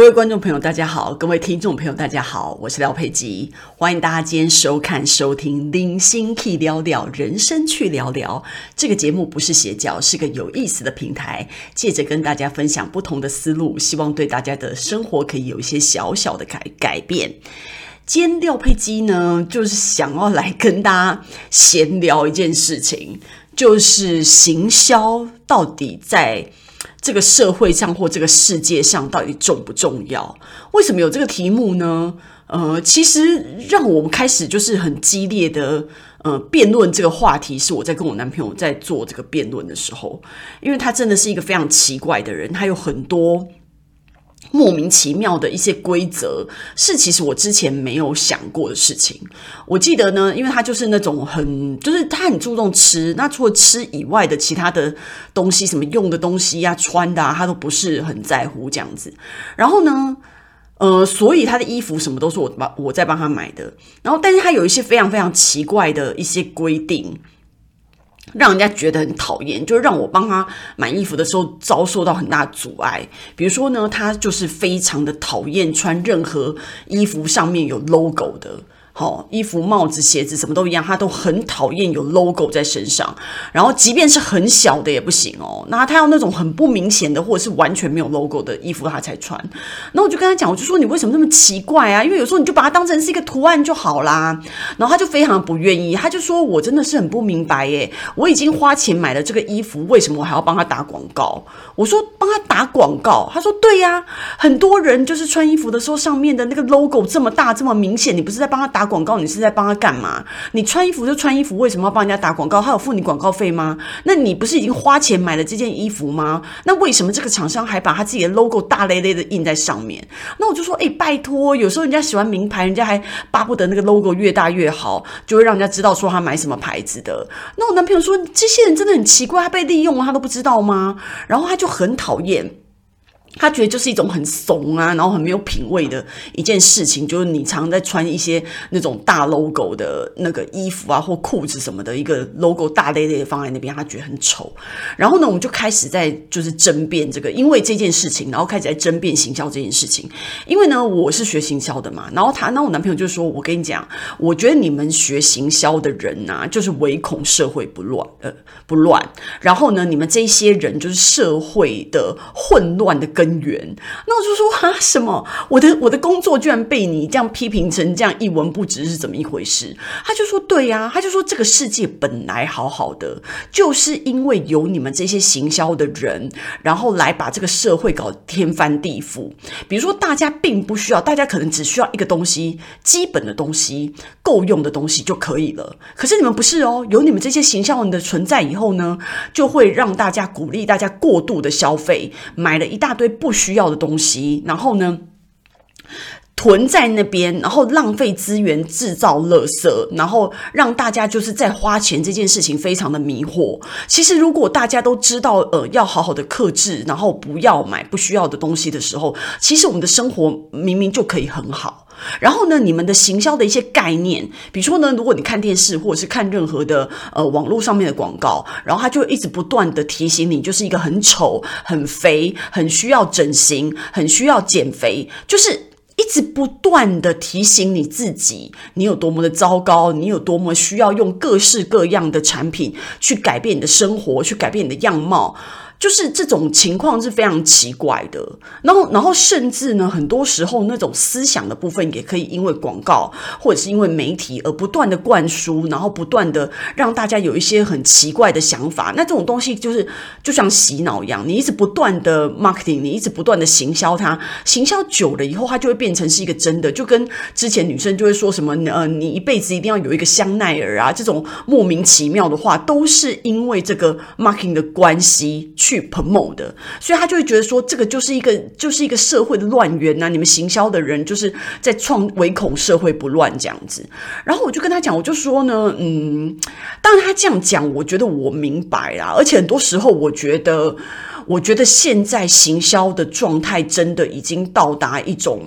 各位觀眾朋友，大家好；各位聽眾朋友，大家好，我是廖佩基，歡迎大家今天收看、收聽《零星去聊聊人生去聊聊》這個節目，不是邪教，是個有意思的平台，借着跟大家分享不同的思路，希望對大家的生活可以有一些小小的改改變。今天廖佩基呢，就是想要來跟大家閒聊一件事情，就是行銷到底在這個社會上或這個世界上到底重不重要？為什麼有這個題目呢？呃，其實讓我們開始就是很激烈的呃辯論這個話題，是我在跟我男朋友在做這個辯論的時候，因為他真的是一個非常奇怪的人，他有很多，莫名其妙的一些規則是，其實我之前沒有想過的事情。我記得呢，因為他就是那種很，就是他很注重吃。那除了吃以外的其他的東西，什麼用的東西呀、啊、穿的啊，他都不是很在乎這樣子。然後呢，呃，所以他的衣服什麼都是我幫我在幫他買的。然後，但是他有一些非常非常奇怪的一些規定。讓人家覺得很討厭，就是讓我幫他買衣服的時候遭受到很大的阻礙。比如說呢，他就是非常的討厭穿任何衣服上面有 logo 的。哦，衣服、帽子、鞋子什麼都一樣，他都很討厭有 logo 在身上，然後即便是很小的也不行哦。那他要那種很不明顯的，或者是完全沒有 logo 的衣服他才穿。那我就跟他講，我就說你為什麼這麼奇怪啊？因為有時候你就把它當成是一個圖案就好啦。然後他就非常的不願意，他就說我真的是很不明白耶，我已經花錢買了這個衣服，為什麼我還要幫他打廣告？我說幫他打廣告，他說對呀、啊，很多人就是穿衣服的時候上面的那個 logo 這麼大這麼明顯，你不是在幫他打廣告。廣告，你是在幫他幹嘛？你穿衣服就穿衣服，為什麼要幫人家打廣告？他有付你廣告費嗎？那你不是已經花錢買了這件衣服嗎？那為什麼這個廠商還把他自己的 logo 大咧咧的印在上面？那我就說，誒、欸，拜托，有時候人家喜歡名牌，人家還巴不得那個 logo 越大越好，就會讓人家知道說他買什麼牌子的。那我男朋友說，這些人真的很奇怪，他被利用了，他都不知道嗎？然後他就很討厭。他覺得就是一種很慫啊，然後很沒有品味的一件事情，就是你常在穿一些那種大 logo 的那個衣服啊，或褲子什麼的，一個 logo 大咧咧地放在那邊，他覺得很醜。然後呢，我們就開始在就是爭辯這個，因為這件事情，然後開始在爭辯行銷這件事情。因為呢，我是學行銷的嘛，然後他，那我男朋友就說：“我跟你講，我覺得你們學行銷的人啊，就是唯恐社會不亂，呃，不亂。然後呢，你們這些人就是社會的混亂的。”根源，那我就說啊，什麼我的我的工作居然被你這樣批評成這樣一文不值，是怎麼一回事？他就說對呀、啊，他就說這個世界本來好好的，就是因為有你們這些行銷的人，然後來把這個社會搞天翻地覆。比如說大家並不需要，大家可能只需要一個東西，基本的東西，夠用的東西就可以了。可是你們不是哦，有你們這些行銷人的存在以後呢，就會讓大家鼓勵大家過度的消費，買了一大堆。不需要的東西，然後呢，囤在那邊，然後浪費資源製造垃圾，然後讓大家就是在花錢這件事情非常的迷惑。其實，如果大家都知道，呃，要好好的克制，然後不要買不需要的東西的時候，其實我們的生活明明就可以很好。然後呢，你們的行銷的一些概念，比如說呢，如果你看電視或者是看任何的，呃，網絡上面的廣告，然後他就一直不斷的提醒你，就是一個很醜、很肥、很需要整形、很需要減肥，就是。一直不斷地提醒你自己，你有多麼的糟糕，你有多麼需要用各式各樣的產品去改變你的生活，去改變你的樣貌。就是這種情況是非常奇怪的，然後，然後甚至呢，很多時候那種思想的部分也可以因為廣告，或者是因為媒體而不斷的灌輸，然後不斷的讓大家有一些很奇怪的想法。那這種東西就是就像洗腦一樣，你一直不斷的 marketing，你一直不斷的行銷它，行銷久了以後，它就會變成是一個真的。就跟之前女生就會說什麼，呃，你一輩子一定要有一個香奈兒啊，這種莫名其妙的話，都是因為這個 marketing 的關係。去 promote 的，所以他就會覺得說，這個就是一個就是一個社會的亂源吶、啊！你們行銷的人就是在創，唯恐社會不亂這樣子。然後我就跟他講，我就說呢，嗯，當然他這樣講，我覺得我明白啦。而且很多時候，我覺得，我覺得現在行銷的狀態真的已經到達一種。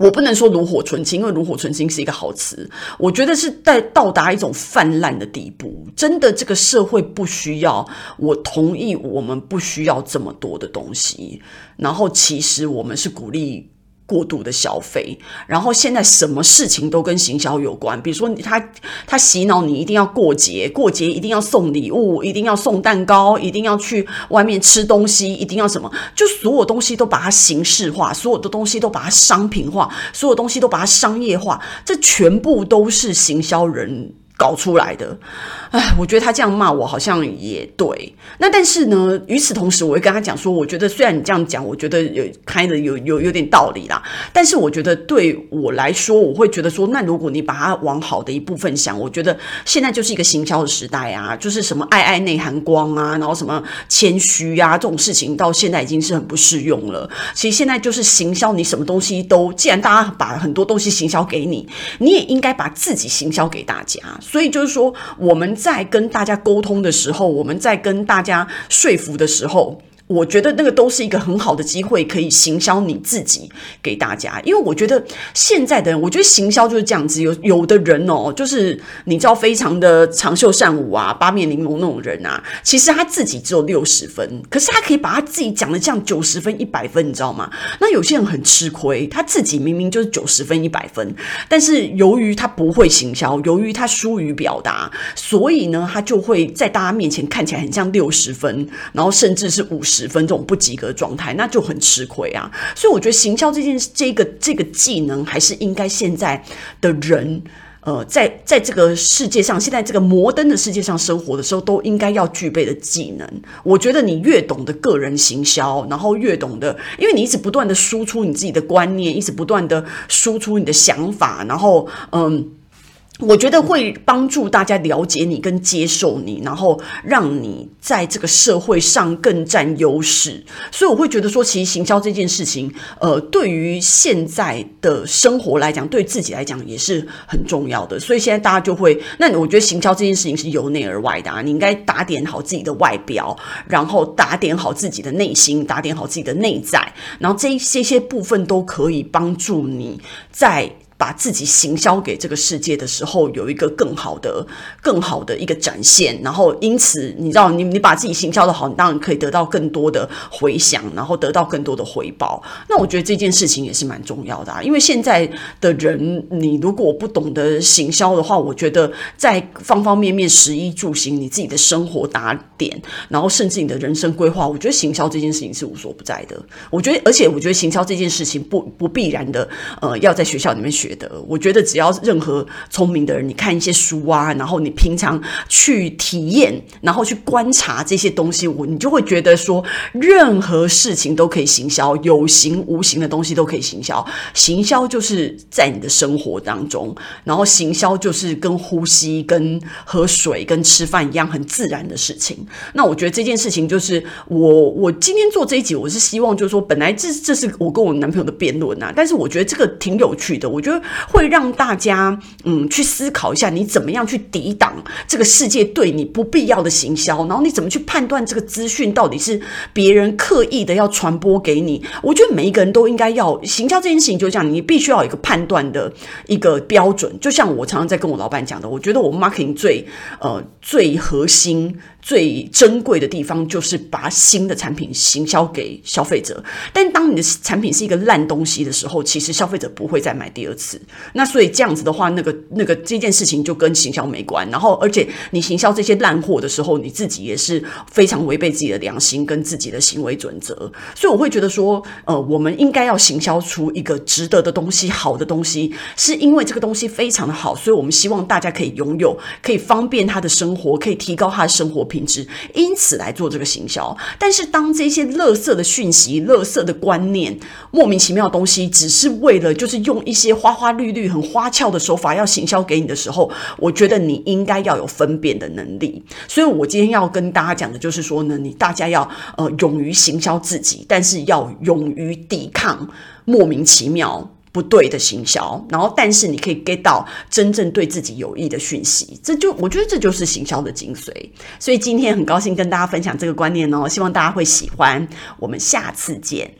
我不能說爐火純青，因為爐火純青是一個好詞。我覺得是在到達一種氾濫的地步，真的這個社會不需要。我同意，我們不需要這麼多的東西。然後，其實我們是鼓勵。過度的消費，然後現在什麼事情都跟行銷有關，比如說他他洗腦你一定要過節，過節一定要送禮物，一定要送蛋糕，一定要去外面吃東西，一定要什麼，就所有東西都把它形式化，所有的東西都把它商品化，所有東西都把它商業化，這全部都是行銷人。搞出來的，哎，我覺得他這樣罵我好像也對。那但是呢，與此同時，我會跟他講說，我覺得雖然你這樣講，我覺得有開的 kind of, 有有有，有點道理啦。但是我覺得對我來說，我會覺得說，那如果你把它往好的一部分想，我覺得現在就是一個行銷的時代啊，就是什麼曖曖內含光啊，然後什麼謙虛呀、啊，這種事情到現在已經是很不適用了。其實現在就是行銷，你什麼東西都，既然大家把很多東西行銷給你，你也應該把自己行銷給大家。所以就是說，我們在跟大家溝通的時候，我們在跟大家說服的時候，我覺得那個都是一個很好的機會，可以行銷你自己給大家。因為我覺得現在的人，我覺得行銷就是這樣子。有有的人哦，就是你知道，非常的長袖善舞啊，八面玲瓏那種人啊。其實他自己只有六十分，可是他可以把他自己講得像九十分、一百分，你知道嗎？那有些人很吃虧，他自己明明就是九十分、一百分，但是由於他不會行銷，由於他疏於表達，所以呢，他就會在大家面前看起來很像六十分，然後甚至是五十。十分這種不及格狀態，那就很吃虧啊！所以我覺得行銷這件、這個、這個技能，還是應該現在的人，呃，在在這個世界上，現在這個摩登的世界上生活的時候，都應該要具備的技能。我覺得你越懂得個人行銷，然後越懂得，因為你一直不斷的輸出你自己的觀念，一直不斷的輸出你的想法，然後嗯。我覺得會幫助大家了解你跟接受你，然後讓你在這個社會上更佔優勢。所以我會覺得說，其實行銷這件事情，呃，對於現在的生活來講，對自己來講也是很重要的。所以現在大家就會，那我覺得行銷這件事情是由內而外的啊，你應該打點好自己的外表，然後打點好自己的內心，打點好自己的內在，然後這一這些部分都可以幫助你在。把自己行銷給這個世界的時候，有一個更好的、更好的一個展現。然後，因此，你知道你，你你把自己行銷的好，你當然可以得到更多的回響，然後得到更多的回報。那我覺得這件事情也是蠻重要的啊。因為現在的人，你如果不懂得行銷的話，我覺得在方方面面，食衣住行，你自己的生活打點，然後甚至你的人生規劃，我覺得行銷這件事情是無所不在的。我覺得，而且我覺得行銷這件事情不不必然的，呃，要在學校裡面學。覺得，我覺得只要任何聰明的人，你看一些書啊，然後你平常去體驗，然後去觀察這些東西，我你就會覺得說，任何事情都可以行銷，有形無形的東西都可以行銷。行銷就是在你的生活當中，然後行銷就是跟呼吸、跟喝水、跟吃飯一樣很自然的事情。那我覺得這件事情就是我我今天做這一集，我是希望就是說，本來這這是我跟我男朋友的辯論啊，但是我覺得這個挺有趣的，我覺得。會讓大家嗯去思考一下，你怎麼樣去抵擋這個世界對你不必要的行銷，然後你怎麼去判斷這個資訊到底是別人刻意的要傳播給你？我覺得每一個人都應該要行銷這件事情，就這樣，你必須要有一個判斷的一個標準。就像我常常在跟我老板講的，我覺得我們 marketing 最呃最核心。最珍貴的地方就是把新的產品行銷給消費者，但當你的產品是一個爛東西的時候，其實消費者不會再買第二次。那所以這樣子的話，那個那個這件事情就跟行銷沒關。然後，而且你行銷這些爛貨的時候，你自己也是非常違背自己的良心跟自己的行為準則。所以我會覺得說，呃，我們應該要行銷出一個值得的東西，好的東西，是因為這個東西非常的好，所以我們希望大家可以擁有，可以方便他的生活，可以提高他的生活。品質，因此來做這個行銷。但是，當這些垃圾的訊息、垃圾的觀念、莫名其妙的東西，只是為了就是用一些花花綠綠、很花俏的手法要行銷給你的時候，我覺得你應該要有分辨的能力。所以，我今天要跟大家講的就是說呢，你大家要，呃勇於行銷自己，但是要勇於抵抗，莫名其妙。不對的行銷，然後但是你可以 get 到真正對自己有益的訊息，這就我覺得這就是行銷的精髓。所以今天很高興跟大家分享這個觀念哦，希望大家會喜歡。我們下次見。